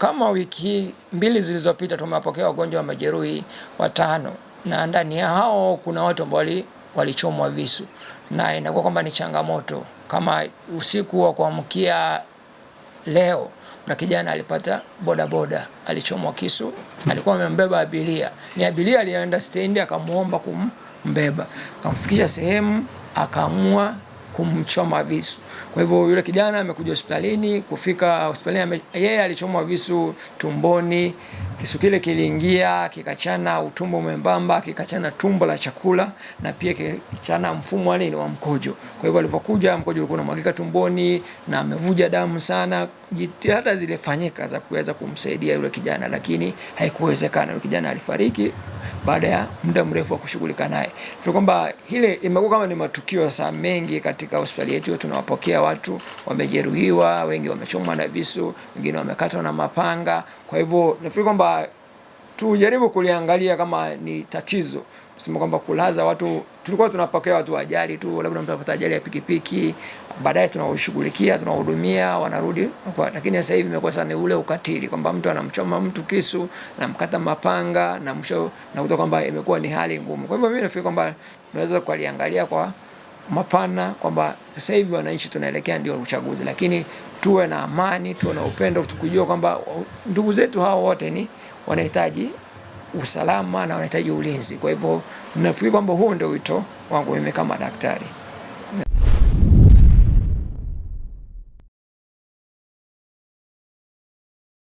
kama wiki mbili zilizopita tumewapokea wagonjwa wa majeruhi watano, na ndani ya hao kuna watu ambao walichomwa visu, na inakuwa kwamba ni changamoto. Kama usiku wa kuamkia leo, kuna kijana alipata bodaboda, alichomwa kisu, alikuwa amembeba abiria, ni abiria alienda stendi, akamwomba kumbeba, akamfikisha sehemu, akaamua kumchoma visu. Kwa hivyo yule kijana amekuja hospitalini, kufika hospitalini yeye alichomwa visu tumboni, kisu kile kiliingia kikachana utumbo mwembamba, kikachana tumbo la chakula na pia kikachana mfumo wa nini wa mkojo. Kwa hivyo alipokuja mkojo ulikuwa unamwagika tumboni na amevuja damu sana jitihada zilifanyika za kuweza kumsaidia yule kijana, lakini haikuwezekana. Yule kijana alifariki baada ya muda mrefu wa kushughulika naye. Kwa kwamba hile imekuwa kama ni matukio saa mengi katika hospitali yetu, tunawapokea watu wamejeruhiwa, wengi wamechomwa na visu, wengine wamekatwa na mapanga. Kwa hivyo nafikiri kwamba tujaribu kuliangalia kama ni tatizo, kusema kwamba kulaza watu tulikuwa tunapokea watu ajali tu, labda mtu anapata ajali ya pikipiki, baadaye tunawashughulikia, tunawahudumia, wanarudi. kwa. Lakini sasa hivi imekuwa sana ule ukatili kwamba mtu anamchoma mtu kisu, anamkata mapanga na msho, na nakuta kwamba imekuwa ni hali ngumu. Kwa hivyo mimi nafikiri kwamba tunaweza kuliangalia kwa mapana kwamba sasa hivi wananchi tunaelekea ndio uchaguzi, lakini tuwe na amani, tuwe na upendo, tukijua kwamba ndugu zetu hao wote ni wanahitaji usalama na wanahitaji ulinzi. Kwa hivyo nafikiri kwamba huo ndio wito wangu mimi kama daktari.